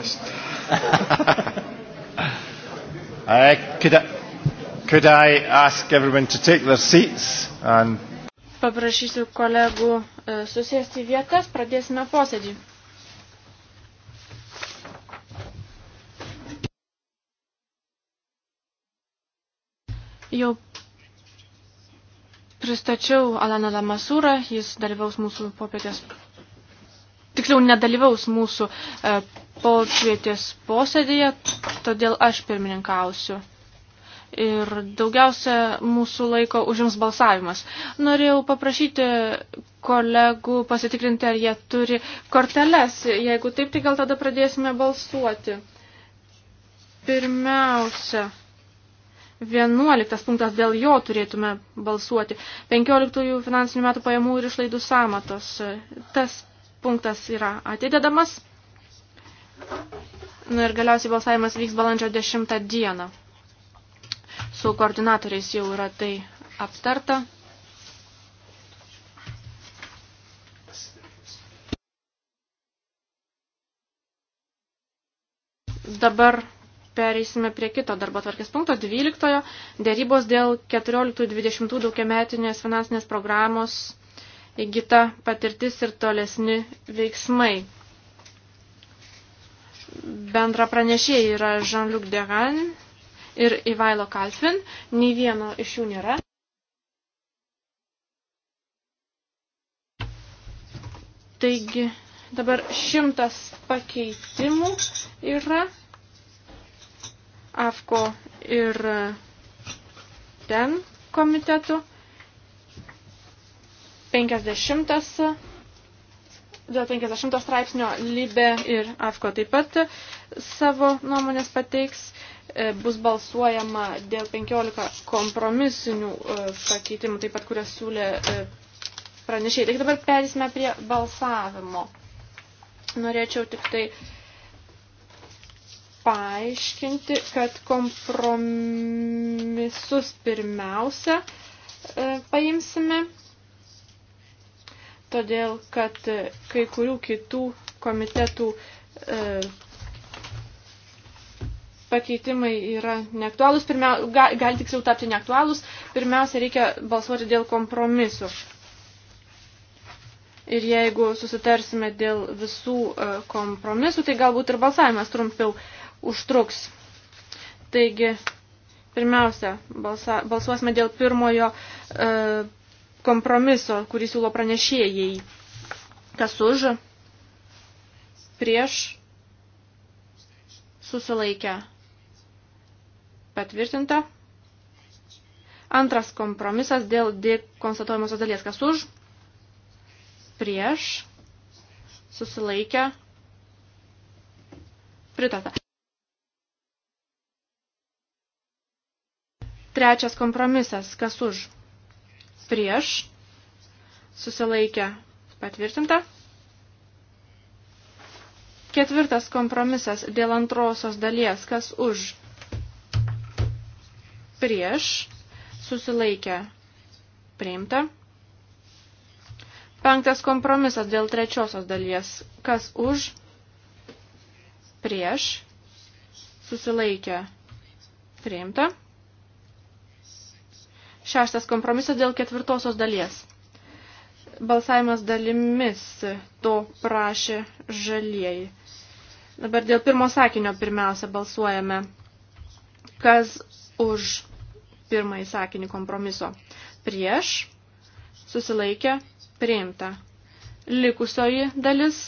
uh, could, I, could I ask everyone to take their seats and Paprašysiu kolegų e, susėsti vietas, pradėsime posėdį. Jau pristačiau Alaną Lamasūrą, jis dalyvaus mūsų popietės tiksliau nedalyvaus mūsų e, popietės posėdėje, todėl aš pirmininkausiu. Ir daugiausia mūsų laiko užims balsavimas. Norėjau paprašyti kolegų pasitikrinti, ar jie turi korteles. Jeigu taip, tai gal tada pradėsime balsuoti. Pirmiausia, 11 punktas dėl jo turėtume balsuoti. 15 finansinių metų pajamų ir išlaidų samatos. Tas punktas yra atidedamas. Nu ir galiausiai balsavimas vyks balandžio 10 dieną. Su koordinatoriais jau yra tai aptarta. Dabar pereisime prie kito darbo tvarkės punkto 12. Dėrybos dėl 14-20 daugiametinės finansinės programos įgyta patirtis ir tolesni veiksmai. Bendra pranešėjai yra Jean-Luc Deran ir Ivailo Kalfin, nei vieno iš jų nėra. Taigi dabar šimtas pakeitimų yra AFKO ir ten komitetų. 50, dėl 50 straipsnio Libė ir AFKO taip pat savo nuomonės pateiks. E, bus balsuojama dėl 15 kompromisinių e, pakeitimų, taip pat kurias siūlė e, pranešėjai. Taigi dabar perėsime prie balsavimo. Norėčiau tik tai paaiškinti, kad kompromisus pirmiausia e, paimsime todėl kad e, kai kurių kitų komitetų e, pakeitimai yra neaktualūs, pirmia, gali gal tiksliau tapti neaktualūs, pirmiausia reikia balsuoti dėl kompromisų. Ir jeigu susitarsime dėl visų e, kompromisų, tai galbūt ir balsavimas trumpiau užtruks. Taigi, pirmiausia, balsa, balsuosime dėl pirmojo e, kompromiso, kurį siūlo pranešėjai. Kas už, prieš, susilaikę, patvirtinta. Antras kompromisas dėl D konstatuojamosios dalies. Kas už, prieš, susilaikę, pritarta. Trečias kompromisas. Kas už? prieš, susilaikę, patvirtinta. Ketvirtas kompromisas dėl antrosios dalies, kas už, prieš, susilaikę, priimta. Penktas kompromisas dėl trečiosios dalies, kas už, prieš, susilaikę, priimta. Šeštas kompromisas dėl ketvirtosios dalies. Balsavimas dalimis to prašė žalieji. Dabar dėl pirmo sakinio pirmiausia balsuojame. Kas už pirmąjį sakinį kompromiso? Prieš, susilaikė, priimta. Likusioji dalis,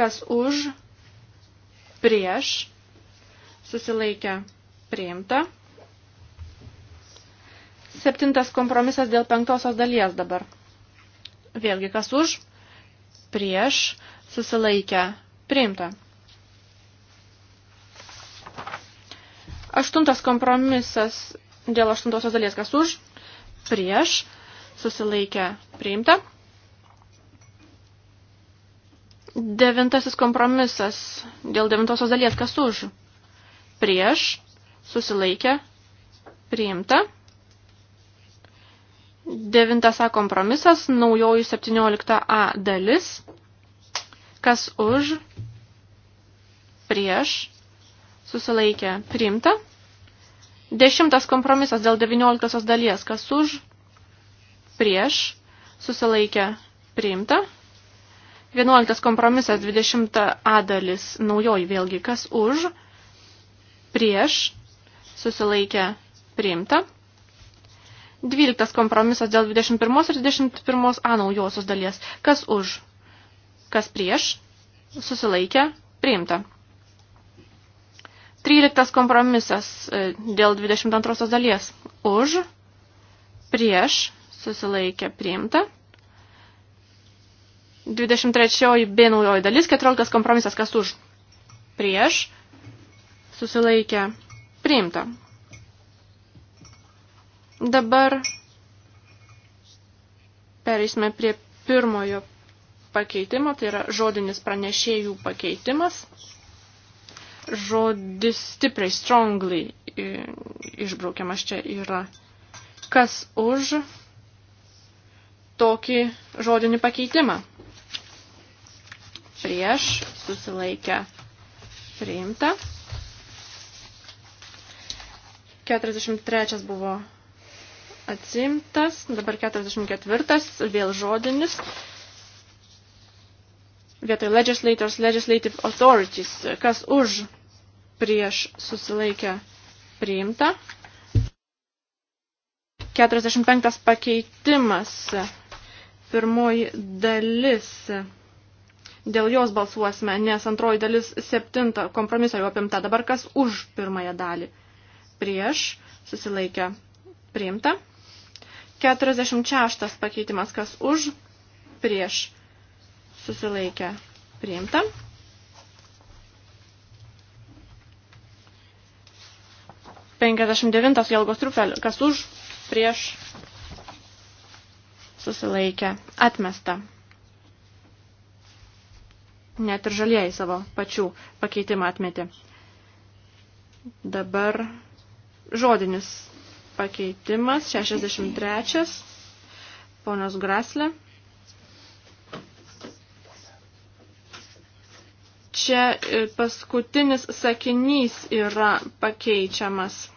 kas už, prieš, susilaikė, priimta. Septintas kompromisas dėl penktosios dalies dabar. Vėlgi, kas už, prieš, susilaikę, priimta. Aštuntas kompromisas dėl aštuntosios dalies, kas už, prieš, susilaikę, priimta. Devintasis kompromisas dėl devintosios dalies, kas už, prieš, susilaikę, priimta. 9a kompromisas, naujoji 17a dalis, kas už, prieš, susilaikė, priimta. Dešimtas kompromisas dėl 19 dalies, kas už, prieš, susilaikė, priimta. 11 kompromisas 20a dalis, naujoji vėlgi, kas už, prieš, susilaikė, priimta. 12 kompromisas dėl 21 ir 21 A naujosios dalies. Kas už? Kas prieš? Susilaikė? Priimta. 13 kompromisas e, dėl 22 dalies. Už? Prieš? Susilaikė? Priimta. 23 B naujoji dalis, 14 kompromisas, kas už? Prieš? Susilaikė? Priimta. Dabar pereisime prie pirmojo pakeitimo, tai yra žodinis pranešėjų pakeitimas. Žodis stipriai, strongly išbraukiamas čia yra. Kas už tokį žodinį pakeitimą? Prieš susilaikę priimta. 43 buvo atsimtas, dabar 44, vėl žodinis. Vietoj legislators, legislative authorities, kas už prieš susilaikę priimta. 45 pakeitimas, pirmoji dalis. Dėl jos balsuosime, nes antroji dalis septinta kompromiso jau apimta. Dabar kas už pirmąją dalį? Prieš susilaikę priimta. 46 pakeitimas, kas už, prieš, susilaikę, priimta. Penkiasdešimt devintas Jelgos trupel, kas už, prieš, susilaikę, atmesta. Net ir žalieji savo pačių pakeitimą atmetė. Dabar žodinis pakeitimas 63, ponios Graslė. Čia e, paskutinis sakinys yra pakeičiamas.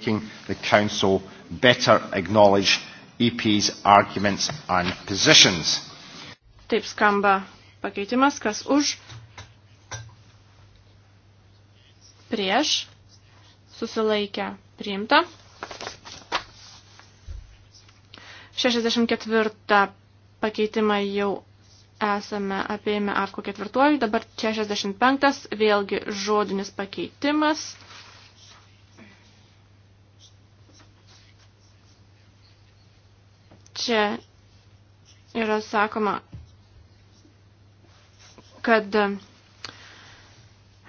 making the Council better acknowledge EP's arguments and positions. Taip skamba pakeitimas, kas už, prieš, susilaikę, priimta. 64 pakeitimą jau esame apėjame AFKO ketvirtuoju, dabar 65, vėlgi žodinis pakeitimas. Čia yra sakoma, kad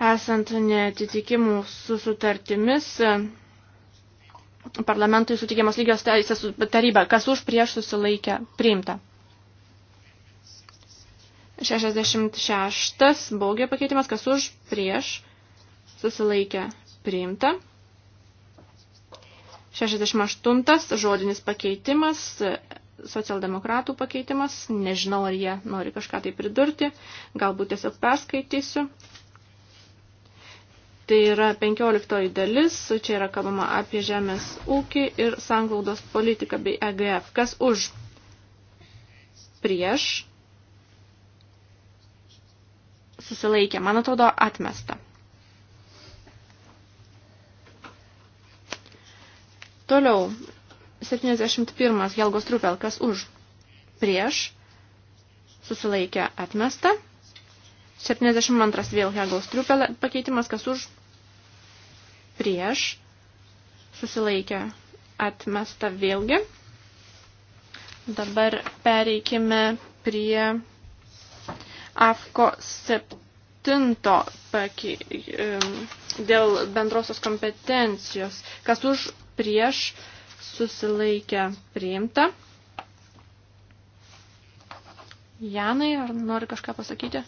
esant netitikimų su sutartimis parlamentui sutikiamas lygios teisės taryba, kas už prieš susilaikę priimta. 66 baugė pakeitimas, kas už prieš susilaikę priimta. 68 žodinis pakeitimas socialdemokratų pakeitimas, nežinau, ar jie nori kažką tai pridurti, galbūt tiesiog perskaitysiu. Tai yra 15 dalis, čia yra kalbama apie žemės ūkį ir sanglaudos politiką bei EGF. Kas už? Prieš? Susilaikė, man atrodo, atmesta. Toliau, 71 Helgos Trupel, kas už, prieš, susilaikė atmesta. 72 vėl Helgos Trupel pakeitimas, kas už, prieš, susilaikė atmesta vėlgi. Dabar pereikime prie AFKO 7 dėl bendrosios kompetencijos, kas už prieš susilaikę priimta. Janai, ar nori kažką pasakyti?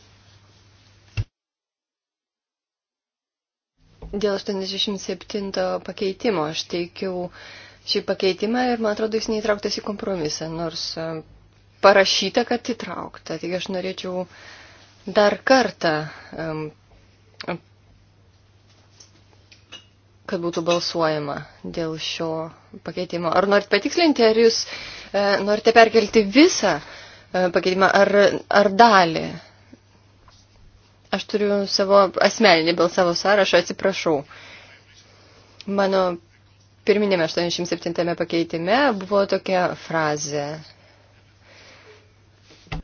Dėl 87 pakeitimo aš teikiau šį pakeitimą ir man atrodo jis neįtrauktas į kompromisą, nors e, parašyta, kad įtraukta. Taigi aš norėčiau dar kartą um, kad būtų balsuojama dėl šio pakeitimo. Ar norit patikslinti, ar jūs e, norite perkelti visą e, pakeitimą, ar, ar dalį? Aš turiu savo asmeninį balsavo sąrašą, atsiprašau. Mano pirminėme 87 pakeitime buvo tokia frazė.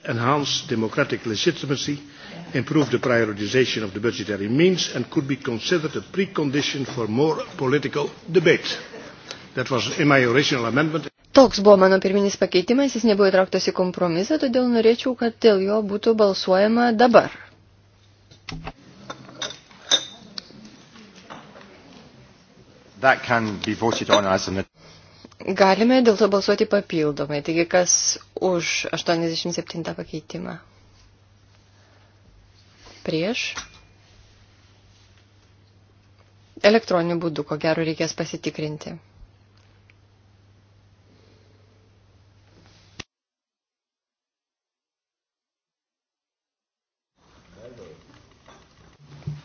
Enhance democratic legitimacy improve the prioritization of the budgetary means and could be considered a precondition for more political debate. That was in my original amendment. Toks buvo mano pirminis pakeitimas, jis nebuvo įtrauktas į kompromisą, todėl norėčiau, kad dėl jo būtų balsuojama dabar. Galime dėl to balsuoti papildomai, taigi kas už 87 pakeitimą prieš. Elektroniniu būdu, ko gero, reikės pasitikrinti.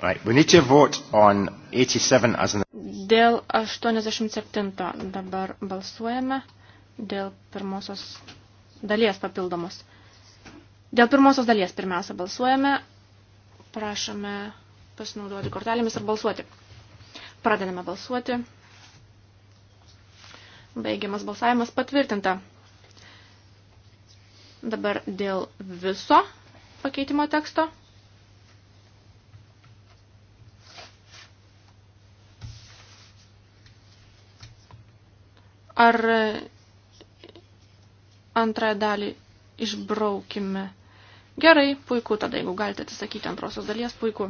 Right, we need to vote on 87 as an... Dėl 87 dabar balsuojame, dėl pirmosios dalies papildomos. Dėl pirmosios dalies pirmiausia balsuojame, Prašome pasinaudoti kortelėmis ir balsuoti. Pradedame balsuoti. Baigiamas balsavimas patvirtinta. Dabar dėl viso pakeitimo teksto. Ar antrąją dalį išbraukime? Gerai, puiku, tada jeigu galite atsisakyti antrosios dalies, puiku.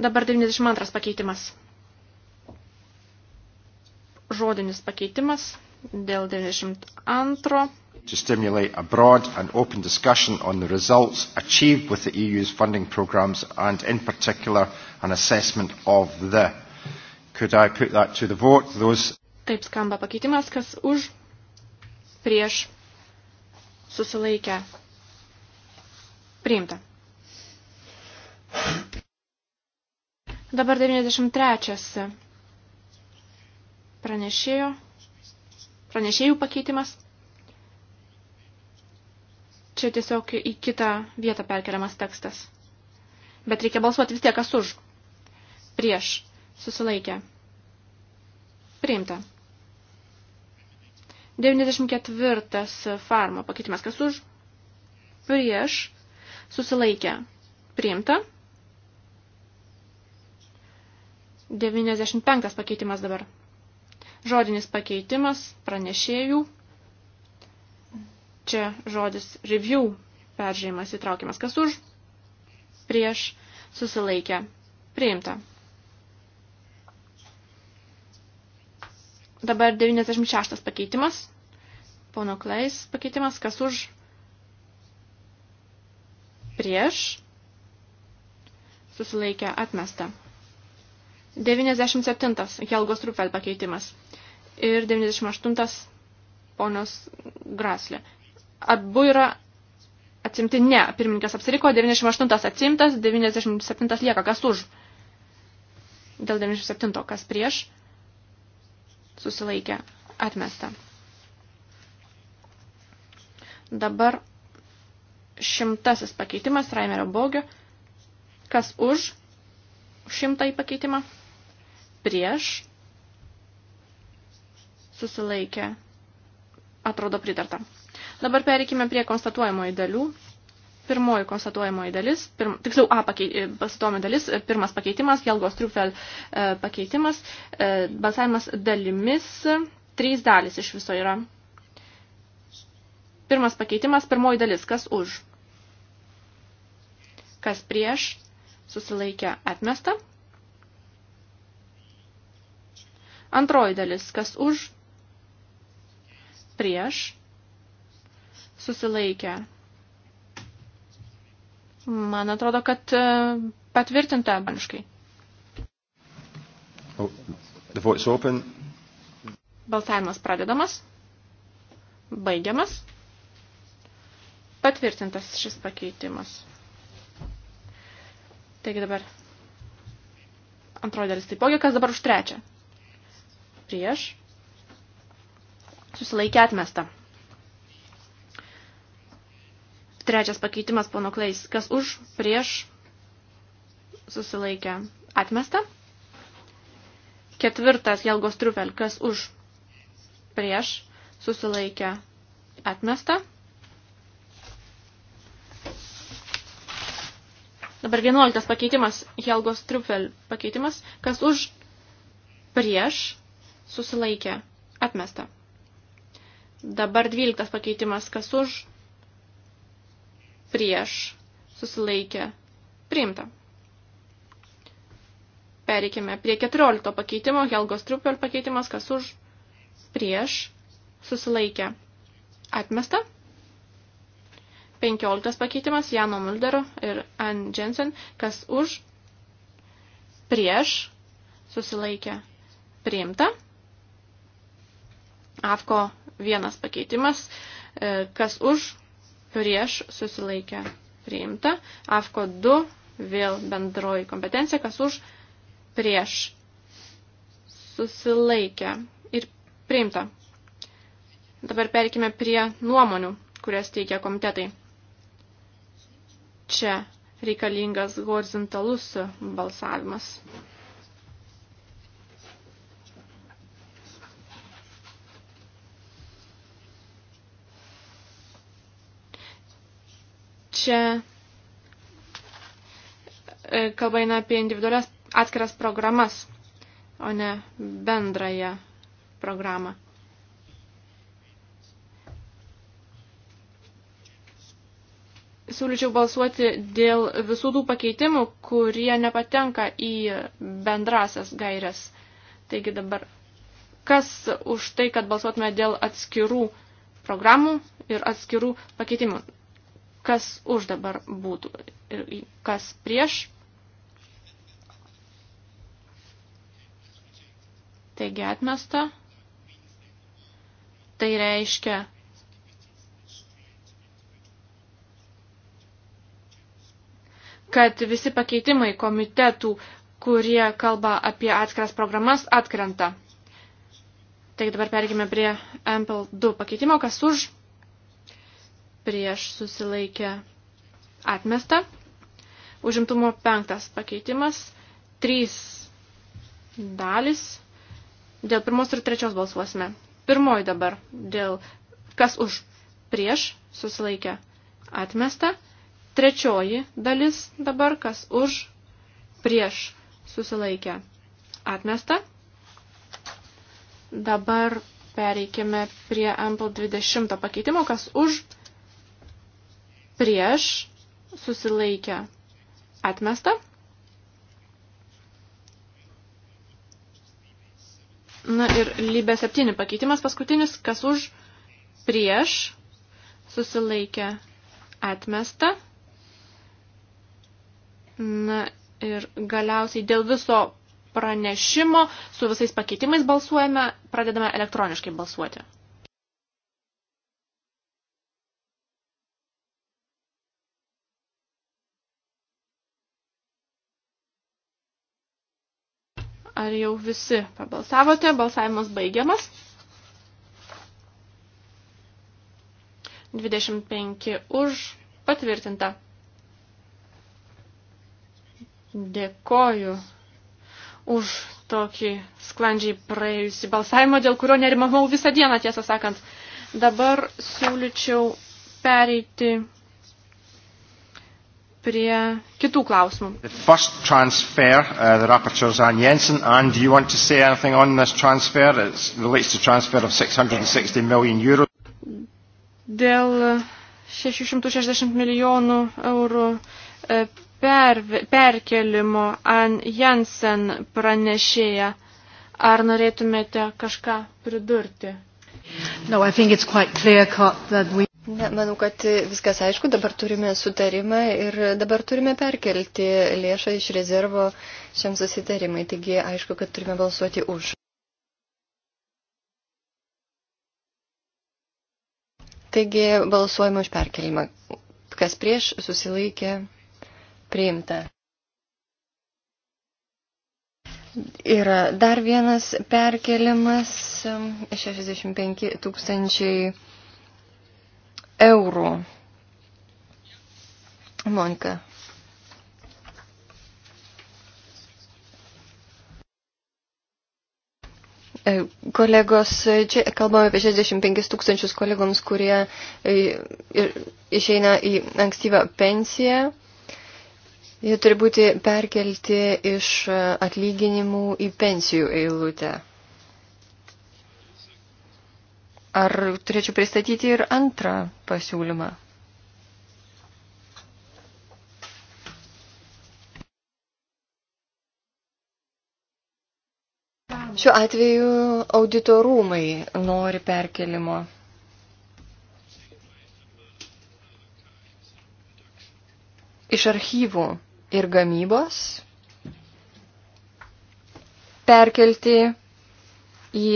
Dabar 92 pakeitimas. Žodinis pakeitimas dėl 92. To stimulate a broad and open discussion on the results achieved with the EU's funding programs and in particular an assessment of the. Could I put that to the vote? Those... Taip skamba pakeitimas, kas už, prieš susilaikę, priimta. Dabar 93 pranešėjo, pranešėjų pakeitimas. Čia tiesiog į kitą vietą perkeliamas tekstas. Bet reikia balsuoti vis tiek, kas už. Prieš. Susilaikę. Priimta. 94 farmo pakeitimas, kas už, prieš, susilaikę, priimta. 95 pakeitimas dabar. Žodinis pakeitimas pranešėjų. Čia žodis review peržiūrimas įtraukiamas kas už, prieš, susilaikę, priimta. Dabar 96 pakeitimas. Pono Klais pakeitimas, kas už prieš susilaikė atmesta. 97 Helgos Rupel pakeitimas ir 98 ponios Graslė. Abu yra atsimti, ne, pirmininkas apsiriko, 98 atsimtas, 97 lieka, kas už. Dėl 97, kas prieš susilaikė, atmesta. Dabar šimtasis pakeitimas Raimerio Bogio. Kas už šimtąjį pakeitimą? Prieš susilaikė, atrodo pritarta. Dabar pereikime prie konstatuojamojų dalių. Pirmoji konstatuojamoji dalis, pirm, tiksliau A pasituojama e, dalis, e, pirmas pakeitimas, Jelgos Trufel e, pakeitimas, e, balsavimas dalimis, trys dalis iš viso yra. Pirmas pakeitimas, pirmoji dalis, kas už, kas prieš, susilaikė atmesta. Antroji dalis, kas už, prieš, susilaikė Man atrodo, kad e, patvirtinta baniškai. Oh, the vote's open. Balsavimas pradedamas. Baigiamas. Patvirtintas šis pakeitimas. Taigi dabar antroji dalis taipogi, kas dabar už trečią. Prieš. Susilaikė atmestą. Trečias pakeitimas pono Klais. Kas už, prieš, susilaikė, atmesta. Ketvirtas Jelgos Trufel. Kas už, prieš, susilaikė, atmesta. Dabar vienuoliktas pakeitimas, Helgos Trufel pakeitimas, kas už prieš susilaikė, atmesta. Dabar dvyliktas pakeitimas, kas už prieš, susilaikė, priimta. Pereikime prie 14 pakeitimo, Helgos Trupel pakeitimas, kas už, prieš, susilaikė, atmesta. 15 pakeitimas, Jano Muldero ir Ann Jensen, kas už, prieš, susilaikė, priimta. AFKO vienas pakeitimas, e, kas už, prieš susilaikę priimta. AFKO 2 vėl bendroji kompetencija, kas už prieš susilaikę ir priimta. Dabar perkime prie nuomonių, kurias teikia komitetai. Čia reikalingas horizontalus balsavimas. Čia e, kalba eina apie individualias atskiras programas, o ne bendrąją programą. Siūlyčiau balsuoti dėl visų tų pakeitimų, kurie nepatenka į bendrasias gairias. Taigi dabar, kas už tai, kad balsuotume dėl atskirų programų ir atskirų pakeitimų? kas už dabar būtų ir kas prieš. Taigi atmesta. Tai reiškia, kad visi pakeitimai komitetų, kurie kalba apie atskiras programas, atkrenta. Taigi dabar pergime prie MPL 2 pakeitimo, kas už prieš susilaikę atmesta. Užimtumo penktas pakeitimas. Trys dalis. Dėl pirmos ir trečios balsuosime. Pirmoji dabar dėl kas už prieš susilaikę atmesta. Trečioji dalis dabar kas už prieš susilaikę atmesta. Dabar pereikime prie Ample 20 pakeitimo, kas už prieš prieš, susilaikę, atmesta. Na ir lybė 7 pakeitimas paskutinis, kas už, prieš, susilaikę, atmesta. Na ir galiausiai dėl viso pranešimo su visais pakeitimais balsuojame, pradedame elektroniškai balsuoti. Ar jau visi pabalsavote? Balsavimas baigiamas. 25 už patvirtinta. Dėkoju už tokį sklandžiai praėjusį balsavimą, dėl kurio nerimavau visą dieną, tiesą sakant. Dabar siūlyčiau pereiti prie kitų klausimų. The first transfer, uh, the rapporteurs Anne Jensen, Anne, do you want to say anything on this transfer? It relates to transfer of 660 million euros. Dėl 660 milijonų eurų e, per, perkelimo Anne Jensen pranešėja. Ar norėtumėte kažką pridurti? No, I think it's quite clear cut that we Ne, manau, kad viskas aišku, dabar turime sutarimą ir dabar turime perkelti lėšą iš rezervo šiam susitarimai. Taigi aišku, kad turime balsuoti už. Taigi balsuojama už perkelimą. Kas prieš susilaikė, priimta. Yra dar vienas perkelimas 65 tūkstančiai. 000 eurų. Monika. E, kolegos, čia kalbame apie 65 tūkstančius kolegoms, kurie e, išeina į ankstyvą pensiją. Jie turi būti perkelti iš atlyginimų į pensijų eilutę. Ar turėčiau pristatyti ir antrą pasiūlymą? Šiuo atveju auditorumai nori perkelimo. Iš archyvų ir gamybos perkelti į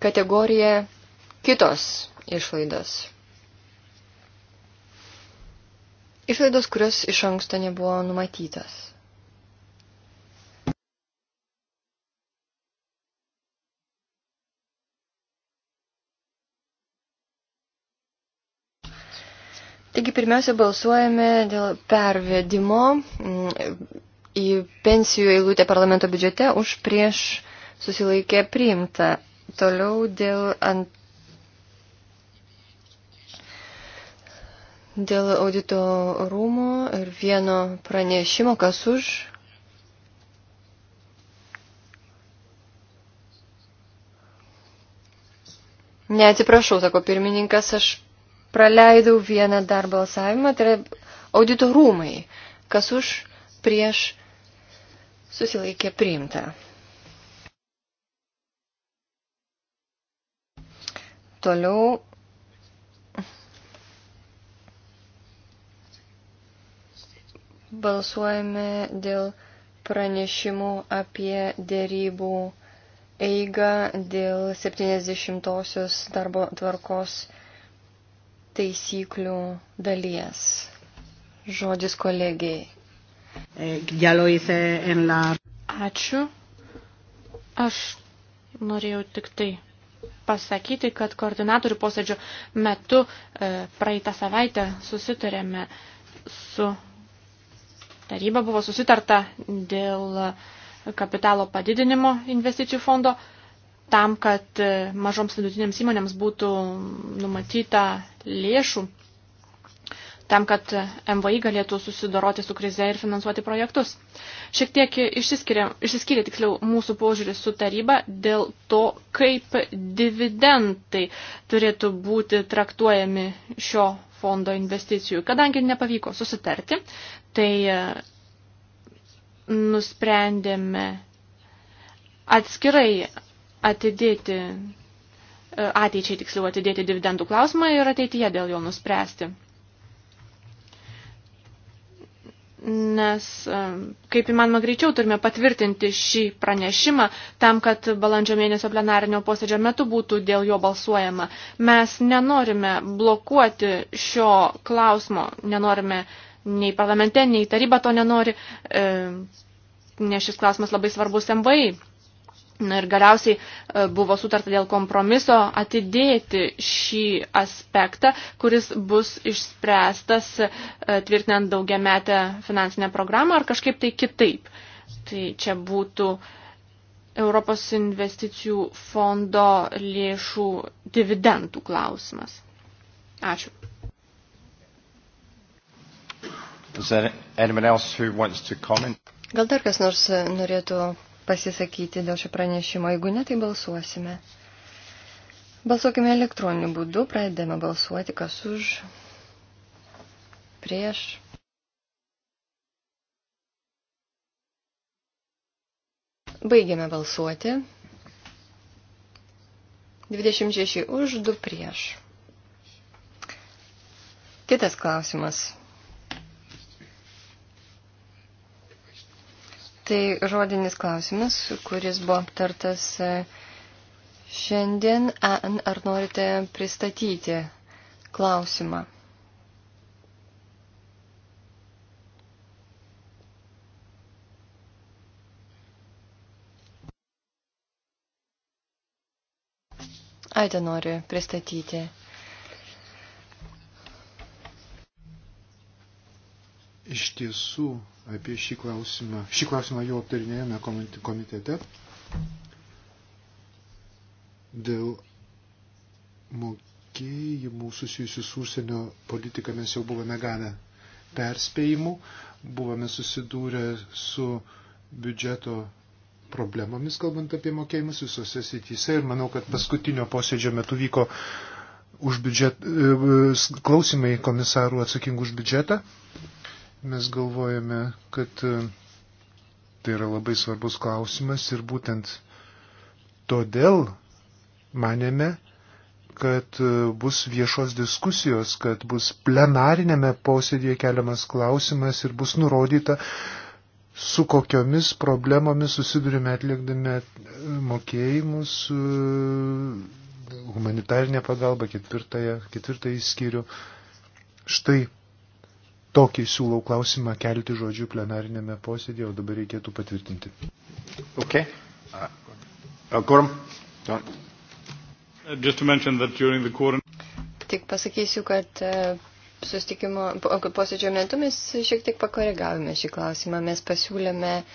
kategorija kitos išlaidos. Išlaidos, kurios iš anksto nebuvo numatytas. Taigi pirmiausia balsuojame dėl pervedimo mm, į pensijų eilutę parlamento biudžete už prieš susilaikė priimta Toliau dėl, ant, dėl audito rūmų ir vieno pranešimo, kas už. Ne, atsiprašau, sako pirmininkas, aš praleidau vieną dar balsavimą, tai yra audito rūmai, kas už prieš susilaikė priimta. Toliau. Balsuojame dėl pranešimų apie dėrybų eigą dėl 70-osios darbo tvarkos taisyklių dalies. Žodis kolegijai. Eh, Ačiū. Aš norėjau tik tai pasakyti, kad koordinatorių posėdžio metu e, praeitą savaitę susitarėme su taryba, buvo susitarta dėl kapitalo padidinimo investicijų fondo tam, kad e, mažoms vidutinėms įmonėms būtų numatyta lėšų tam, kad MVI galėtų susidoroti su krize ir finansuoti projektus. Šiek tiek išsiskiria tiksliau mūsų požiūris su taryba dėl to, kaip dividendai turėtų būti traktuojami šio fondo investicijų. Kadangi nepavyko susitarti, tai e, nusprendėme atskirai atidėti, e, ateičiai tiksliau atidėti dividendų klausimą ir ateityje dėl jo nuspręsti. nes e, kaip įmanoma greičiau turime patvirtinti šį pranešimą tam, kad balandžio mėnesio plenarinio posėdžio metu būtų dėl jo balsuojama. Mes nenorime blokuoti šio klausimo, nenorime nei parlamente, nei taryba to nenori, e, nes šis klausimas labai svarbus MVI. Na ir galiausiai e, buvo sutarta dėl kompromiso atidėti šį aspektą, kuris bus išspręstas e, tvirtinant daugiametę finansinę programą ar kažkaip tai kitaip. Tai čia būtų Europos investicijų fondo lėšų dividendų klausimas. Ačiū. Gal dar kas nors e, norėtų pasisakyti dėl šio pranešimo? Jeigu ne, tai balsuosime. Balsuokime elektroniniu būdu, pradedame balsuoti, kas už, prieš. Baigiame balsuoti. 26 už, 2 prieš. Kitas klausimas. Tai žodinis klausimas, kuris buvo aptartas e, šiandien. Ar norite pristatyti klausimą? Aida nori pristatyti Iš tiesų, apie šį klausimą, šį klausimą jau aptarinėjome komitete dėl mokėjimų susijusių su užsienio politika mes jau buvome gavę perspėjimų, buvome susidūrę su biudžeto problemomis, kalbant apie mokėjimus visose srityse ir manau, kad paskutinio posėdžio metu vyko už biudžet, e, klausimai komisarų atsakingų už biudžetą. Mes galvojame, kad e, tai yra labai svarbus klausimas ir būtent todėl manėme, kad e, bus viešos diskusijos, kad bus plenarinėme posėdėje keliamas klausimas ir bus nurodyta, su kokiomis problemomis susidurime atlikdami e, mokėjimus, humanitarinė pagalba, ketvirtąją, ketvirtąjį skyrių. Štai Tokį siūlau klausimą kelti žodžių plenarinėme posėdėje, o dabar reikėtų patvirtinti. Okay. Uh, Tik pasakysiu, kad uh, sustikimo posėdžio metu mes šiek tiek pakoregavome šį klausimą. Mes pasiūlėme uh,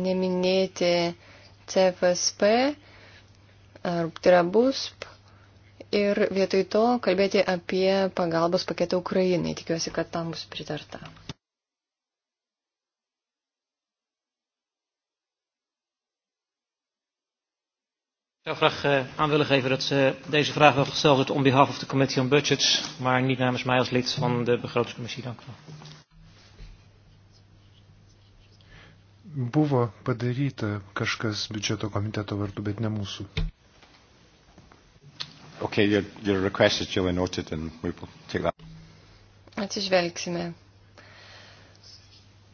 neminėti CFSP ar tai yra BUSP ir vietoj to kalbėti apie pagalbos paketą Ukrainai. Tikiuosi, kad tam bus pritarta. Ik zou graag eh, aan willen geven dat eh, deze vraag wel gesteld wordt on behalf of the Committee on Budgets, maar niet namens mij als lid van de begrotingscommissie. Dank u wel. Buvo padaryta kažkas biudžeto komiteto vardu, bet ne mūsų. Okay, your, your request is duly noted and we will take that. Atsižvelgsime.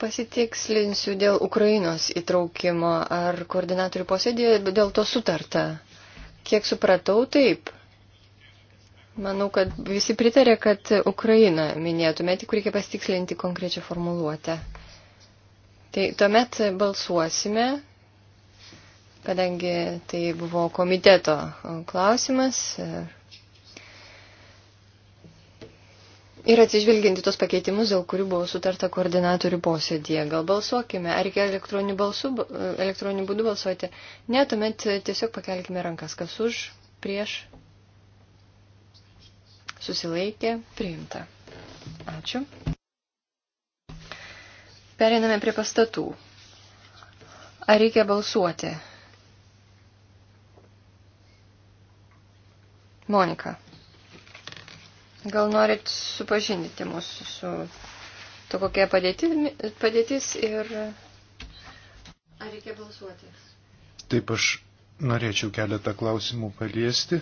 Pasitikslinsiu dėl Ukrainos įtraukimo ar koordinatorių posėdėje dėl to sutarta. Kiek supratau, taip. Manau, kad visi pritarė, kad Ukraina minėtume, tik reikia pastikslinti konkrečią formuluotę. Tai tuomet balsuosime kadangi tai buvo komiteto klausimas. E, ir atsižvelginti tos pakeitimus, dėl kurių buvo sutarta koordinatorių posėdėje. Gal balsuokime, ar reikia elektroniniu, balsu, elektroniniu būdu balsuoti? Ne, tuomet tiesiog pakelkime rankas, kas už, prieš, susilaikė, priimta. Ačiū. Periname prie pastatų. Ar reikia balsuoti Monika, gal norit supažindyti mus su to, kokia padėtis ir ar reikia balsuoti? Taip aš norėčiau keletą klausimų paliesti.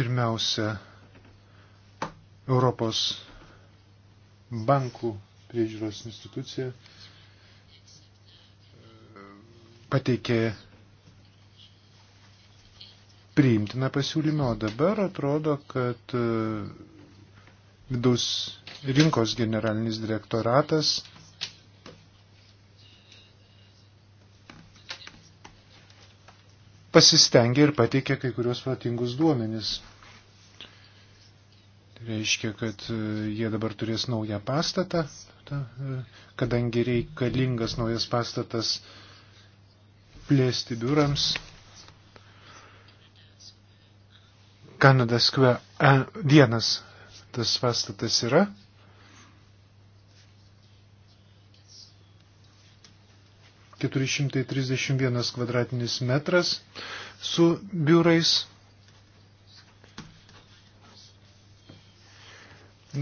Pirmiausia, Europos bankų priežiūros institucija e, pateikė priimtiną pasiūlymą, o dabar atrodo, kad e, vidaus rinkos generalinis direktoratas pasistengė ir pateikė kai kurios protingus duomenis. Tai reiškia, kad e, jie dabar turės naują pastatą, e, kadangi reikalingas naujas pastatas plėsti biurams, Kanada Square vienas tas pastatas yra. Keturi šimtai trisdešimt vienas kvadratinis metras su biurais.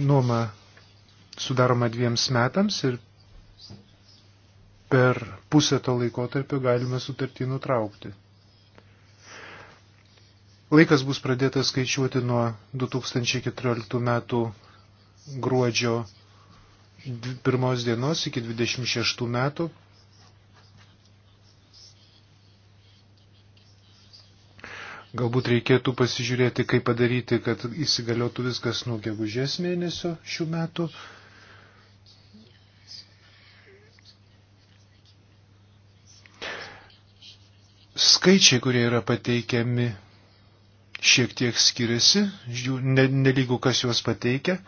Nuoma sudaroma dviems metams ir per pusę to laikotarpio galima sutartį nutraukti. Laikas bus pradėtas skaičiuoti nuo 2014 metų gruodžio pirmos dienos iki 26 metų. Galbūt reikėtų pasižiūrėti, kaip padaryti, kad įsigaliotų viskas nuo gegužės mėnesio šių metų. Skaičiai, kurie yra pateikiami šiek tiek skiriasi, jų nelygu kas juos pateikia,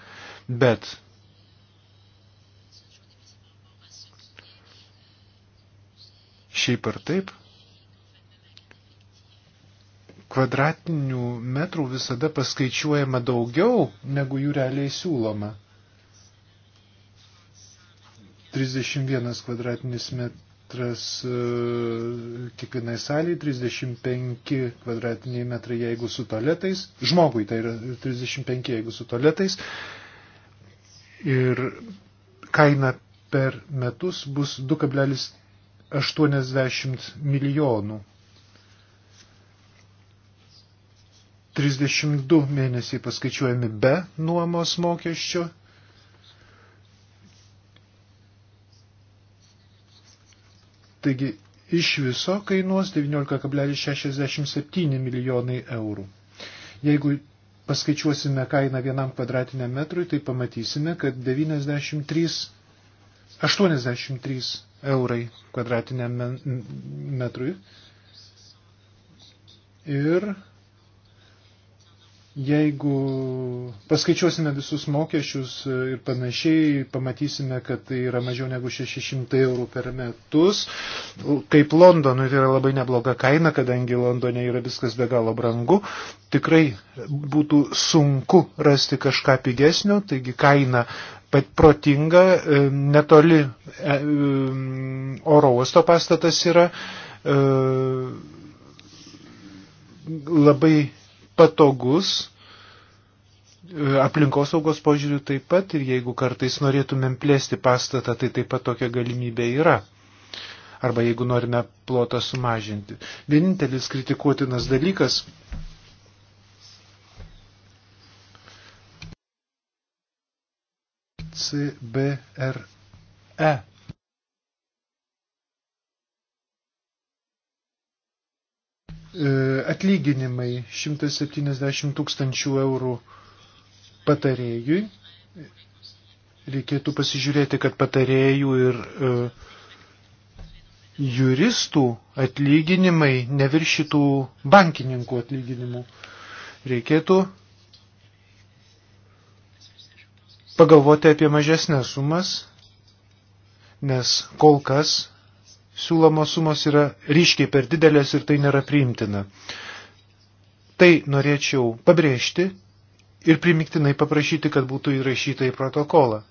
bet šiaip ar taip kvadratinių metrų visada paskaičiuojama daugiau, negu jų realiai siūloma. 31 kvadratinis metras E, kiekvienai saliai, 35 kvadratiniai metrai, jeigu su toletais, žmogui tai yra 35, jeigu su toletais, ir kaina per metus bus 2,80 milijonų. 32 mėnesiai paskaičiuojami be nuomos mokesčio Taigi iš viso kainuos 19,67 milijonai eurų. Jeigu paskaičiuosime kainą vienam kvadratiniam metrui, tai pamatysime, kad 93, 83 eurai kvadratiniam metrui ir Jeigu paskaičiuosime visus mokesčius ir panašiai, pamatysime, kad tai yra mažiau negu 600 eurų per metus. Kaip Londonui tai yra labai nebloga kaina, kadangi Londone yra viskas be galo brangu. Tikrai būtų sunku rasti kažką pigesnio, taigi kaina pat protinga, e, netoli e, e, oro uosto pastatas yra labai patogus, e, aplinkosaugos požiūrių taip pat ir jeigu kartais norėtumėm plėsti pastatą, tai taip pat tokia galimybė yra. Arba jeigu norime plotą sumažinti. Vienintelis kritikuotinas dalykas. CBRE E, atlyginimai 170 tūkstančių eurų patarėjui. Reikėtų pasižiūrėti, kad patarėjų ir e, juristų atlyginimai neviršytų bankininkų atlyginimų. Reikėtų pagalvoti apie mažesnės sumas, nes kol kas siūlomos sumos yra ryškiai per didelės ir tai nėra priimtina. Tai norėčiau pabrėžti ir primiktinai paprašyti, kad būtų įrašyta į protokolą.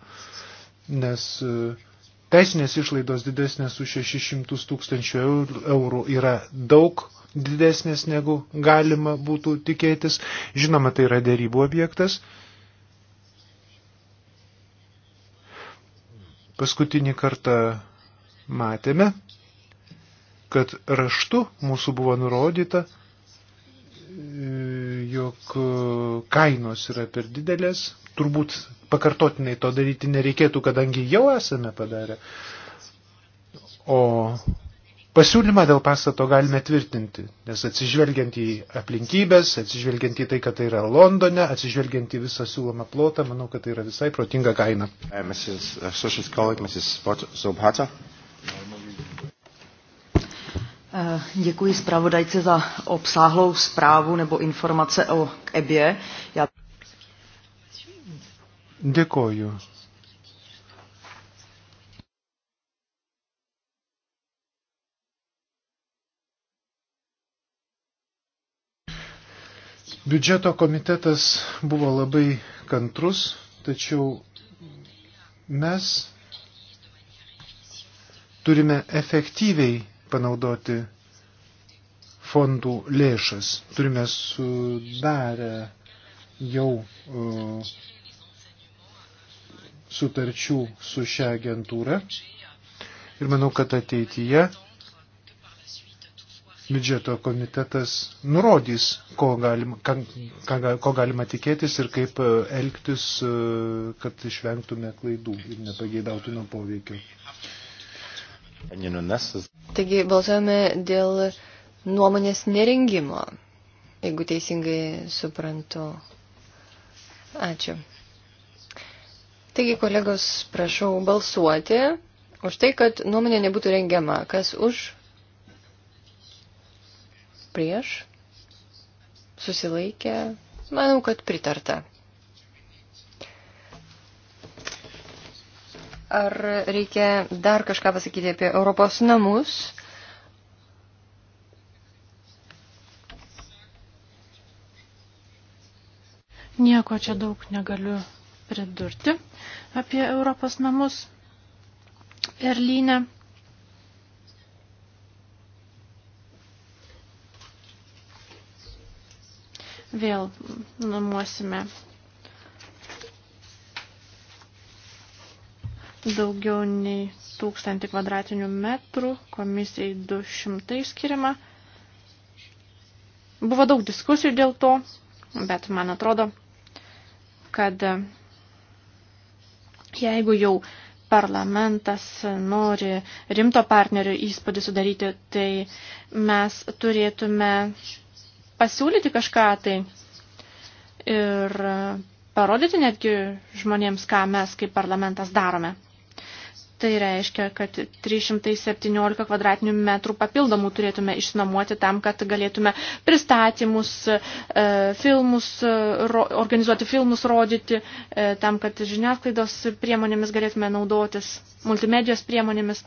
Nes e, teisinės išlaidos didesnės už 600 tūkstančių eurų yra daug didesnės negu galima būtų tikėtis. Žinoma, tai yra dėrybų objektas. Paskutinį kartą matėme, kad raštu mūsų buvo nurodyta, e, jog e, kainos yra per didelės, turbūt pakartotinai to daryti nereikėtų, kadangi jau esame padarę. O pasiūlymą dėl pastato galime tvirtinti, nes atsižvelgiant į aplinkybės, atsižvelgiant į tai, kad tai yra Londone, atsižvelgiant į visą siūlomą plotą, manau, kad tai yra visai protinga kaina. Mrs. Socialist colleague, Mrs. Sobhata. Eh, děkuji zpravodajce za obsáhlou zprávu nebo informace o EBě. E. Já... Dėkoju. Biudžeto komitetas buvo labai kantrus, tačiau mes turime efektyviai panaudoti fondų lėšas. Turime sudarę jau uh, sutarčių su šią agentūrą ir manau, kad ateityje biudžeto komitetas nurodys, ko galima, ką, ką, ko galima tikėtis ir kaip e, elgtis, e, kad išvengtume klaidų ir nepageidautino poveikio. Taigi balsuojame dėl nuomonės nerengimo, jeigu teisingai suprantu. Ačiū. Taigi, kolegos, prašau balsuoti už tai, kad nuomonė nebūtų rengiama. Kas už? Prieš? Susilaikė? Manau, kad pritarta. Ar reikia dar kažką pasakyti apie Europos namus? Nieko čia daug negaliu pridurti apie Europos namus Berlyne. Vėl numuosime daugiau nei 1000 kvadratinių metrų, komisijai 200 skiriama. Buvo daug diskusijų dėl to, bet man atrodo, kad jeigu jau parlamentas nori rimto partnerio įspūdį sudaryti, tai mes turėtume pasiūlyti kažką tai ir parodyti netgi žmonėms, ką mes kaip parlamentas darome. Tai reiškia, kad 317 kvadratinių metrų papildomų turėtume išsinuomoti tam, kad galėtume pristatymus, e, filmus, e, organizuoti filmus, rodyti, e, tam, kad žiniasklaidos priemonėmis galėtume naudotis, multimedijos priemonėmis.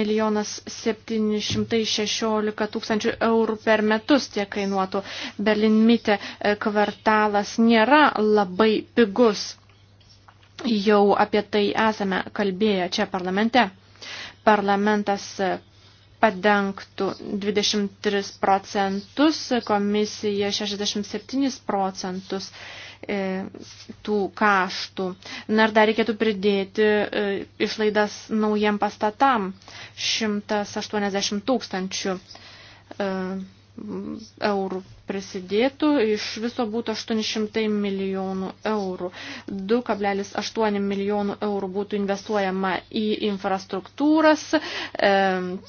Milijonas 716 tūkstančių eurų per metus tiek kainuotų. Berlin Mitte kvartalas nėra labai pigus Jau apie tai esame kalbėję čia parlamente. Parlamentas padengtų 23 procentus, komisija 67 procentus e, tų kaštų. Na ir dar reikėtų pridėti e, išlaidas naujiem pastatam 180 tūkstančių e, eurų prisidėtų, iš viso būtų 800 milijonų eurų. 2,8 milijonų eurų būtų investuojama į infrastruktūras, e,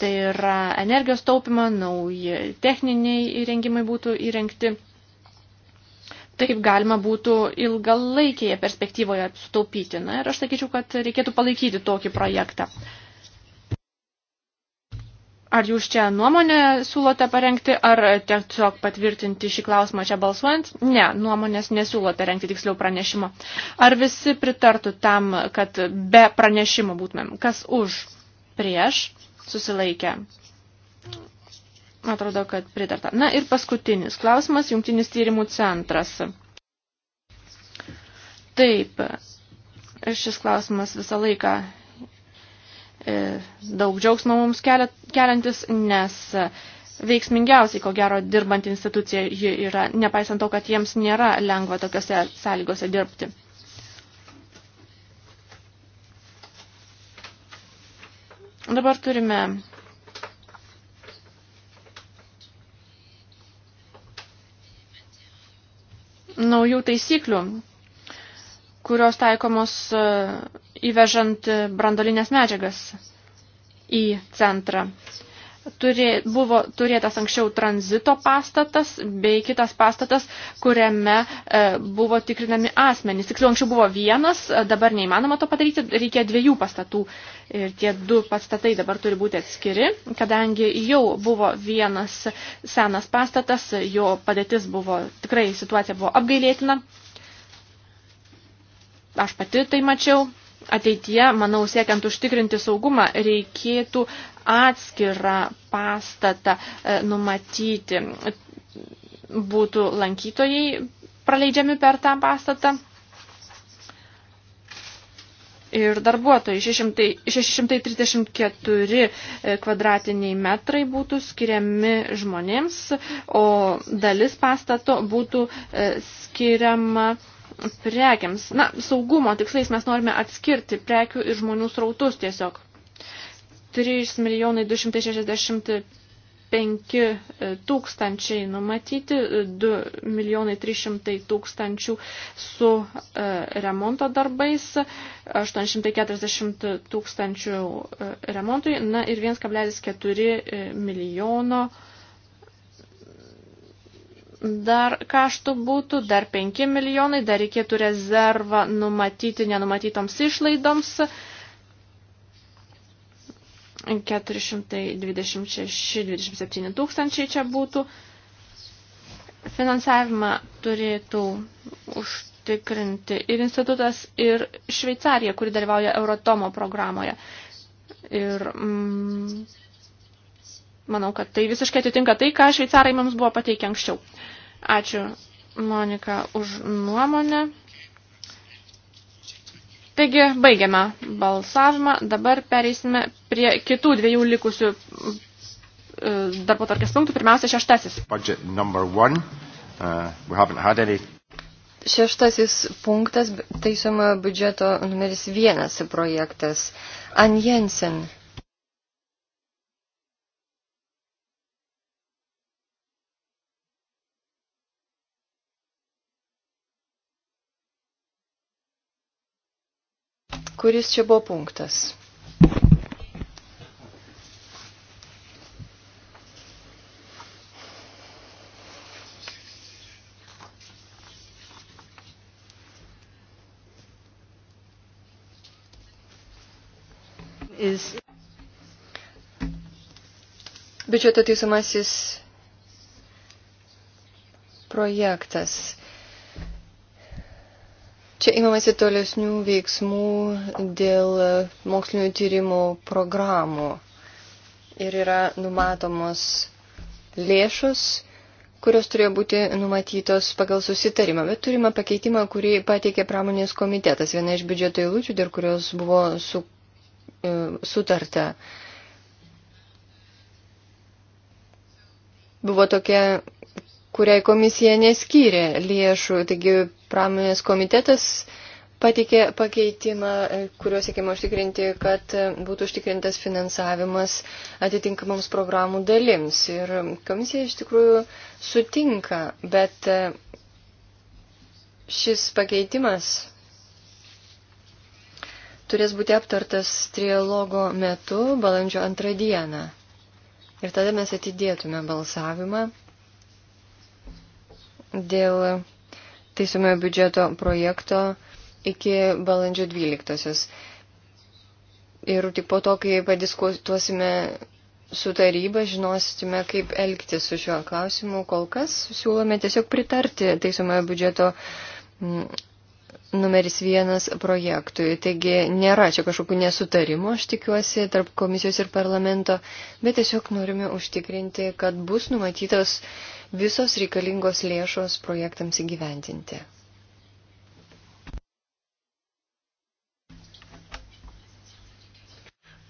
tai yra energijos taupimą, nauji techniniai įrengimai būtų įrengti. Taip galima būtų ilgalaikėje perspektyvoje sutaupyti. Na ir aš sakyčiau, kad reikėtų palaikyti tokį projektą. Ar jūs čia nuomonę siūlote parengti, ar tiesiog patvirtinti šį klausimą čia balsuojant? Ne, nuomonės nesiūlote rengti tiksliau pranešimo. Ar visi pritartų tam, kad be pranešimo būtumėm? Kas už, prieš, susilaikę? Atrodo, kad pritarta. Na ir paskutinis klausimas, jungtinis tyrimų centras. Taip, šis klausimas visą laiką E, daug džiaugsmo mums keliantis, nes veiksmingiausiai, ko gero, dirbant institucija ji yra, nepaisant to, kad jiems nėra lengva tokiose sąlygose dirbti. Dabar turime naujų taisyklių, kurios taikomos e, įvežant brandolinės medžiagas į centrą. Turė, buvo turėtas anksčiau tranzito pastatas bei kitas pastatas, kuriame e, buvo tikrinami asmenys. Tiksliau, anksčiau buvo vienas, e, dabar neįmanoma to padaryti, reikia dviejų pastatų. Ir tie du pastatai dabar turi būti atskiri, kadangi jau buvo vienas senas pastatas, jo padėtis buvo, tikrai situacija buvo apgailėtina. Aš pati tai mačiau, ateityje, manau, siekiant užtikrinti saugumą, reikėtų atskirą pastatą e, numatyti. Būtų lankytojai praleidžiami per tą pastatą. Ir darbuotojai 600, 634 e, kvadratiniai metrai būtų skiriami žmonėms, o dalis pastato būtų e, skiriama prekiams. Na, saugumo tikslais mes norime atskirti prekių ir žmonių srautus tiesiog. 3 milijonai 265 e, tūkstančiai numatyti, 2 e, milijonai 300 tūkstančių su e, remonto darbais, 840 tūkstančių remontui, na ir 1,4 milijono dar kaštų būtų, dar 5 milijonai, dar reikėtų rezervą numatyti nenumatytoms išlaidoms. 426-27 tūkstančiai čia būtų. Finansavimą turėtų užtikrinti ir institutas, ir Šveicarija, kuri dalyvauja Euratomo programoje. Ir mm, Manau, kad tai visiškai atitinka tai, ką šveicarai mums buvo pateikę anksčiau. Ačiū, Monika, už nuomonę. Taigi, baigiame balsavimą. Dabar pereisime prie kitų dviejų likusių e, darbo tarkės punktų. Pirmiausia, šeštasis. Budget number one. Uh, we haven't had any Šeštasis punktas, taisoma biudžeto numeris vienas projektas. Anjensen. Jensen Kuris čia buvo punktas? Is... Biudžeto teisomasis projektas Čia imamasi tolesnių veiksmų dėl mokslinio tyrimų programų ir yra numatomos lėšos, kurios turėjo būti numatytos pagal susitarimą. Bet turime pakeitimą, kurį pateikė pramonės komitetas, viena iš biudžeto eilučių, dėl kurios buvo su, e, sutarta. Buvo tokia kuriai komisija neskyrė lėšų. Taigi pramonės komitetas patikė pakeitimą, e, kuriuo siekima užtikrinti, kad e, būtų užtikrintas finansavimas atitinkamoms programų dalims. Ir komisija iš tikrųjų sutinka, bet e, šis pakeitimas turės būti aptartas trialogo metu balandžio antrą dieną. Ir tada mes atidėtume balsavimą dėl teisinio biudžeto projekto iki balandžio 12. Ir tik po to, kai padiskutuosime su taryba, žinosime, kaip elgti su šiuo klausimu. Kol kas siūlome tiesiog pritarti teisinio biudžeto mm, numeris vienas projektui. Taigi nėra čia kažkokių nesutarimų, aš tikiuosi, tarp komisijos ir parlamento, bet tiesiog norime užtikrinti, kad bus numatytos visos reikalingos lėšos projektams įgyventinti.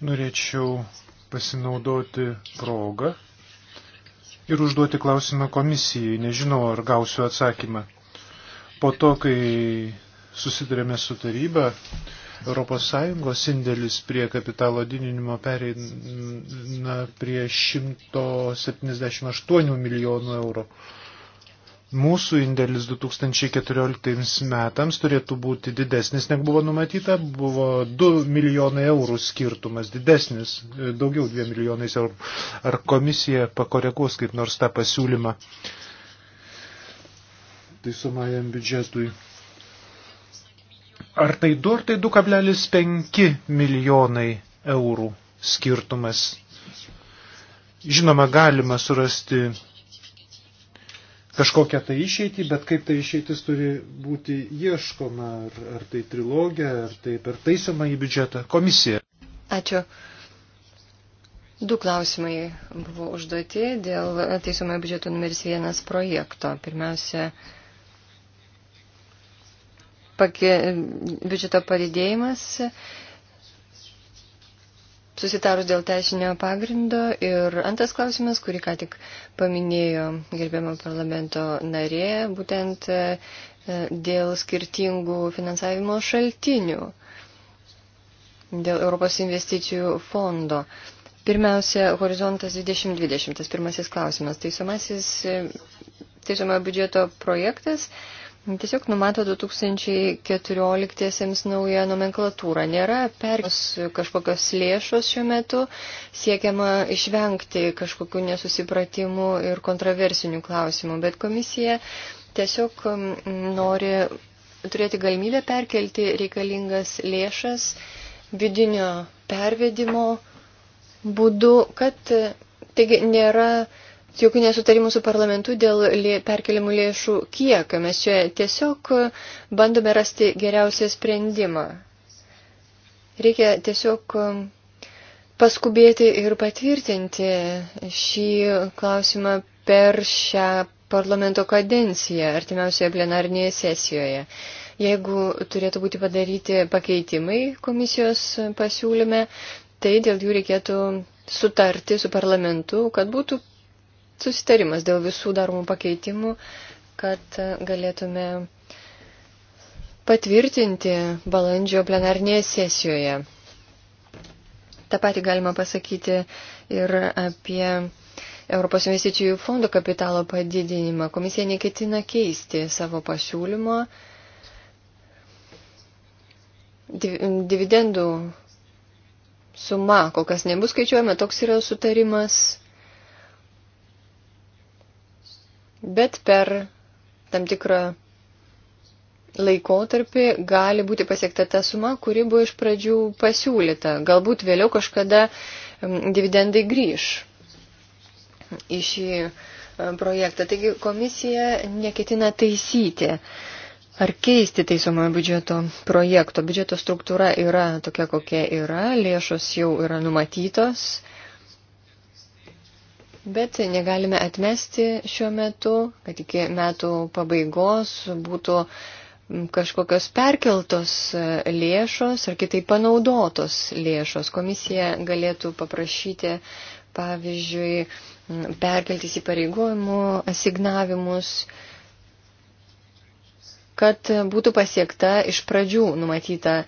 Norėčiau pasinaudoti progą ir užduoti klausimą komisijai. Nežinau, ar gausiu atsakymą. Po to, kai susidurėme su taryba, ES indėlis prie kapitalo didinimo pereina prie 178 milijonų eurų. Mūsų indėlis 2014 metams turėtų būti didesnis, negu buvo numatyta, buvo 2 milijonai eurų skirtumas, didesnis, daugiau 2 milijonais eurų. Ar komisija pakoreguos kaip nors tą pasiūlymą? Tai sumajam biudžetui. Ar tai 2, ar tai 2,5 milijonai eurų skirtumas? Žinoma, galima surasti kažkokią tai išeitį, bet kaip tai išeitis turi būti ieškoma, ar, ar tai trilogija, ar tai per taisomą į biudžetą komisiją. Ačiū. Du klausimai buvo užduoti dėl teisomojo biudžeto numeris vienas projekto. Pirmiausia, pake, biudžeto padidėjimas susitarus dėl teisinio pagrindo. Ir antras klausimas, kurį ką tik paminėjo gerbiamo parlamento narė, būtent e, dėl skirtingų finansavimo šaltinių, dėl Europos investicijų fondo. Pirmiausia, horizontas 2020, tas pirmasis klausimas. Taisomasis, e, taisoma biudžeto projektas Tiesiog numato 2014-iesiems naują nomenklatūrą. Nėra perkos kažkokios lėšos šiuo metu, siekiama išvengti kažkokių nesusipratimų ir kontroversinių klausimų, bet komisija tiesiog nori turėti galimybę perkelti reikalingas lėšas vidinio pervedimo būdu, kad taigi, nėra jokių nesutarimų su parlamentu dėl perkeliamų lėšų kiekio. Mes čia tiesiog bandome rasti geriausią sprendimą. Reikia tiesiog um, paskubėti ir patvirtinti šį klausimą per šią parlamento kadenciją, artimiausioje plenarnėje sesijoje. Jeigu turėtų būti padaryti pakeitimai komisijos pasiūlyme, tai dėl jų reikėtų sutarti su parlamentu, kad būtų susitarimas dėl visų daromų pakeitimų, kad e, galėtume patvirtinti balandžio plenarnėje sesijoje. Ta pati galima pasakyti ir apie Europos investicijų fondo kapitalo padidinimą. Komisija neketina keisti savo pasiūlymo dividendų suma, kol kas nebus skaičiuojama, toks yra sutarimas bet per tam tikrą laikotarpį gali būti pasiekta ta suma, kuri buvo iš pradžių pasiūlyta. Galbūt vėliau kažkada dividendai grįž į šį e, projektą. Taigi komisija neketina taisyti ar keisti taisomojo biudžeto projekto. Biudžeto struktūra yra tokia, kokia yra, lėšos jau yra numatytos Bet negalime atmesti šiuo metu, kad iki metų pabaigos būtų kažkokios perkeltos e, lėšos ar kitaip panaudotos lėšos. Komisija galėtų paprašyti, pavyzdžiui, perkeltis įpareigojimų asignavimus, kad būtų pasiekta iš pradžių numatyta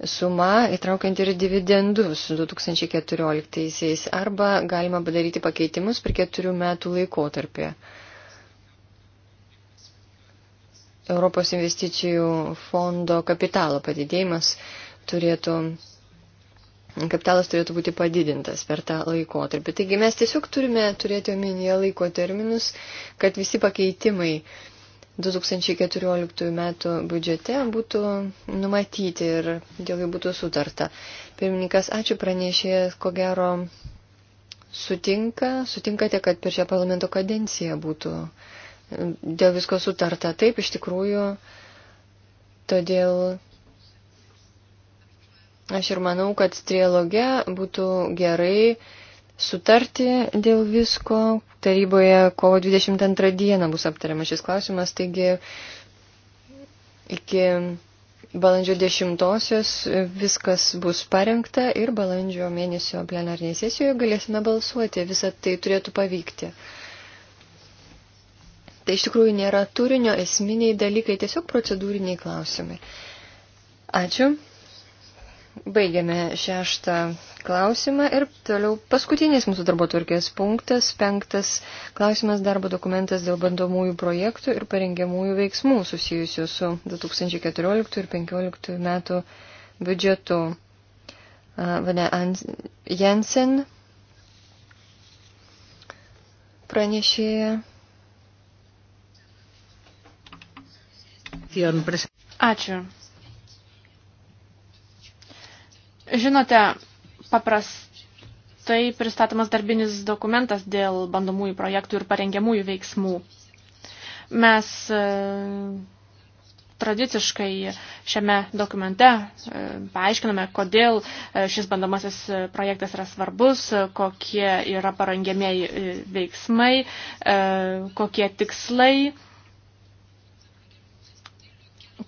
suma, įtraukiant ir dividendus 2014-aisiais, arba galima padaryti pakeitimus per keturių metų laikotarpį. Europos investicijų fondo kapitalo padidėjimas turėtų, kapitalas turėtų būti padidintas per tą laikotarpį. Taigi mes tiesiog turime turėti omenyje laiko terminus, kad visi pakeitimai uh, 2014 metų biudžete būtų numatyti ir dėl jų būtų sutarta. Pirmininkas, ačiū pranešėjas, ko gero sutinka, sutinkate, kad per šią parlamento kadenciją būtų e, dėl visko sutarta. Taip, iš tikrųjų, todėl aš ir manau, kad trialoge būtų gerai sutarti dėl visko. Taryboje kovo 22 dieną bus aptariamas šis klausimas, taigi iki balandžio 10 viskas bus parengta ir balandžio mėnesio plenarnėje sesijoje galėsime balsuoti. Visą tai turėtų pavykti. Tai iš tikrųjų nėra turinio esminiai dalykai, tiesiog procedūriniai klausimai. Ačiū. Baigiame šeštą klausimą ir toliau paskutinis mūsų darbo tvarkės punktas, penktas klausimas darbo dokumentas dėl bandomųjų projektų ir parengiamųjų veiksmų susijusių su 2014 ir 2015 metų biudžetu. Vane Jensen pranešėja. Ačiū. Žinote, paprastai pristatomas darbinis dokumentas dėl bandomųjų projektų ir parengiamųjų veiksmų. Mes e, tradiciškai šiame dokumente e, paaiškiname, kodėl e, šis bandomasis projektas yra svarbus, kokie yra parengiamieji veiksmai, kokie tikslai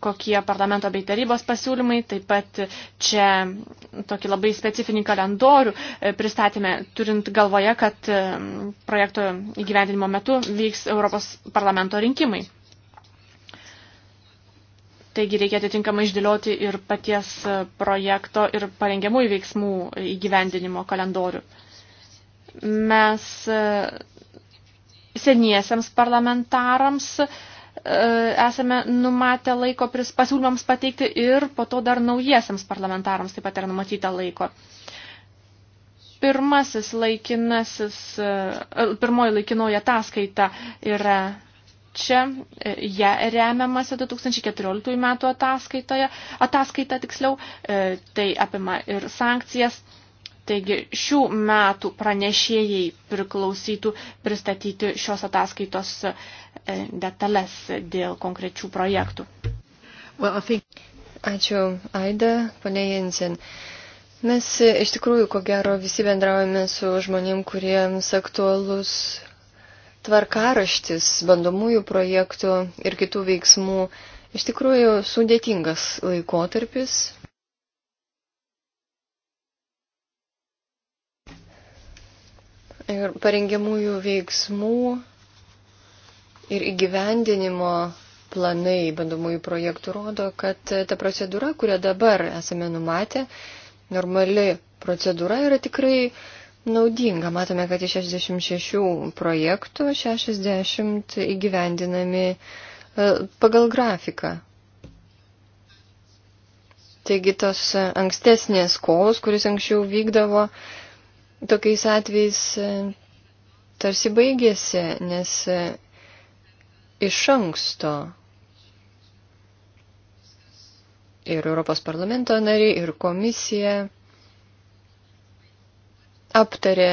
kokie parlamento bei tarybos pasiūlymai. Taip pat čia tokį labai specifinį kalendorių e, pristatėme, turint galvoje, kad e, projekto įgyvendinimo metu vyks Europos parlamento rinkimai. Taigi reikia atitinkamai išdėlioti ir paties projekto ir parengiamųjų veiksmų įgyvendinimo kalendorių. Mes e, seniesiams parlamentarams uh, E, esame numatę laiko pasiūlymams pateikti ir po to dar naujiesiams parlamentarams taip pat yra numatyta laiko. Pirmasis laikinasis, e, e, pirmoji laikinoja ataskaita yra čia, ją remiamasi 2014 metų ataskaitoje, ataskaita tiksliau, tai apima ir sankcijas Taigi šių metų pranešėjai priklausytų pristatyti šios ataskaitos e, detalės dėl konkrečių projektų. Well, think... Ačiū, Aida, ponė Jensen. Mes iš tikrųjų, ko gero, visi bendraujame su žmonėm, kuriems aktualus tvarkaraštis bandomųjų projektų ir kitų veiksmų. Iš tikrųjų, sudėtingas laikotarpis, ir parengiamųjų veiksmų ir įgyvendinimo planai bandomųjų projektų rodo, kad ta procedūra, kurią dabar esame numatę, normali procedūra yra tikrai naudinga. Matome, kad iš 66 projektų 60 įgyvendinami e, pagal grafiką. Taigi tos ankstesnės kovos, kuris anksčiau vykdavo, tokiais atvejais e, tarsi baigėsi, nes e, iš anksto ir Europos parlamento nariai, ir komisija aptarė,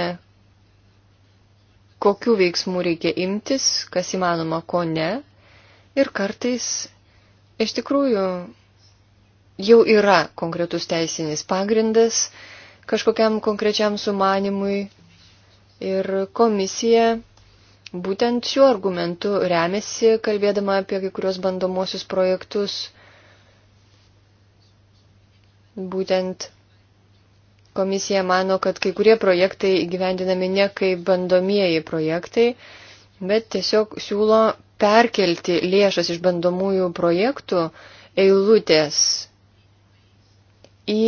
kokiu veiksmu reikia imtis, kas įmanoma, ko ne. Ir kartais iš tikrųjų jau yra konkretus teisinis pagrindas, kažkokiam konkrečiam sumanimui. Ir komisija būtent šiuo argumentu remiasi, kalbėdama apie kai kurios bandomosius projektus. Būtent komisija mano, kad kai kurie projektai gyvendinami ne kaip bandomieji projektai, bet tiesiog siūlo perkelti lėšas iš bandomųjų projektų eilutės į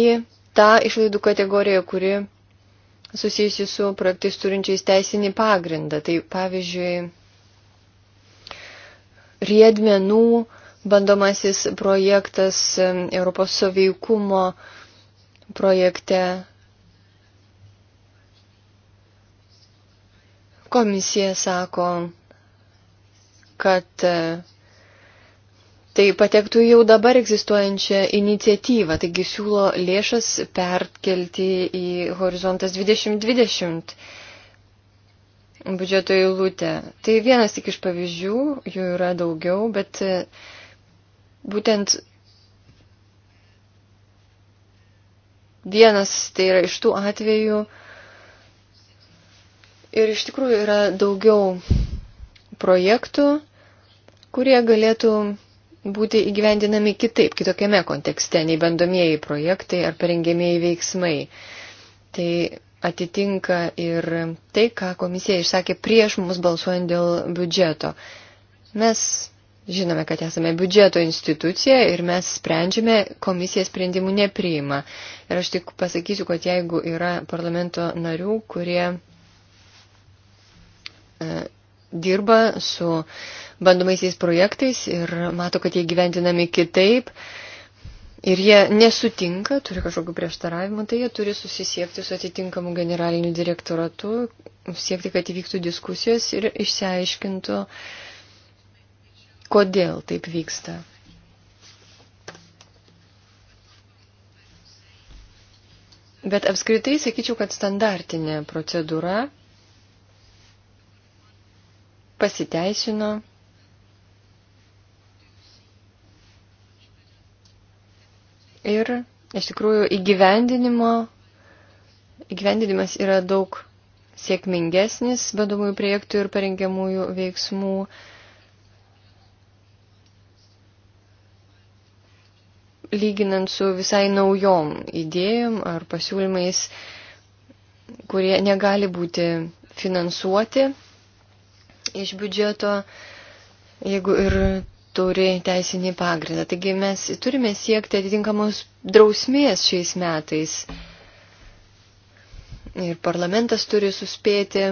tą išlaidų kategoriją, kuri susijusi su projektais turinčiais teisinį pagrindą. Tai pavyzdžiui, riedmenų bandomasis projektas Europos soveikumo projekte. Komisija sako, kad tai patektų jau dabar egzistuojančią iniciatyvą, taigi siūlo lėšas perkelti į Horizontas 2020 biudžeto eilutę. Tai vienas tik iš pavyzdžių, jų yra daugiau, bet e, būtent vienas tai yra iš tų atvejų ir iš tikrųjų yra daugiau projektų, kurie galėtų būti įgyvendinami kitaip, kitokiame kontekste, nei bandomieji projektai ar parengėmieji veiksmai. Tai atitinka ir tai, ką komisija išsakė prieš mus balsuojant dėl biudžeto. Mes žinome, kad esame biudžeto institucija ir mes sprendžiame, komisija sprendimų nepriima. Ir aš tik pasakysiu, kad jeigu yra parlamento narių, kurie. E, dirba su bandomaisiais projektais ir mato, kad jie gyventinami kitaip ir jie nesutinka, turi kažkokiu prieštaravimu, tai jie turi susisiekti su atitinkamu generaliniu direktoratu, siekti, kad įvyktų diskusijos ir išsiaiškintų, kodėl taip vyksta. Bet apskritai sakyčiau, kad standartinė procedūra pasiteisino. Ir iš tikrųjų įgyvendinimo, įgyvendinimas yra daug sėkmingesnis vedomųjų projektų ir parengiamųjų veiksmų. lyginant su visai naujom idėjom ar pasiūlymais, kurie negali būti finansuoti iš biudžeto, jeigu ir turi teisinį pagrindą. Taigi mes turime siekti atitinkamos drausmės šiais metais. Ir parlamentas turi suspėti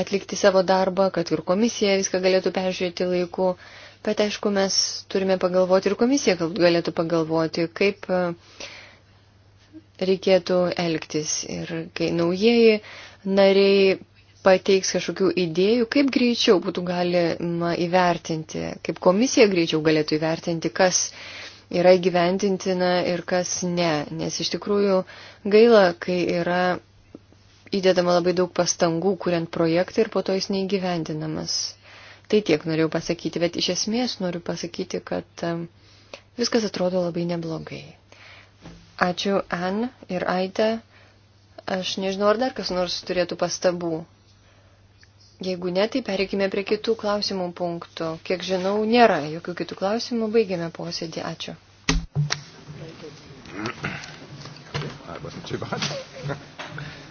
atlikti savo darbą, kad ir komisija viską galėtų peržiūrėti laiku. Bet aišku, mes turime pagalvoti ir komisija galbūt galėtų pagalvoti, kaip e, reikėtų elgtis. Ir kai naujieji nariai pateiks kažkokių idėjų, kaip greičiau būtų galima įvertinti, kaip komisija greičiau galėtų įvertinti, kas yra įgyventintina ir kas ne. Nes iš tikrųjų gaila, kai yra įdedama labai daug pastangų, kuriant projektą ir po to jis neįgyvendinamas. Tai tiek norėjau pasakyti, bet iš esmės noriu pasakyti, kad um, viskas atrodo labai neblogai. Ačiū Ann ir Aite. Aš nežinau, ar dar kas nors turėtų pastabų. Jeigu ne, tai pereikime prie kitų klausimų punktų. Kiek žinau, nėra jokių kitų klausimų. Baigėme posėdį. Ačiū. I wasn't too bad.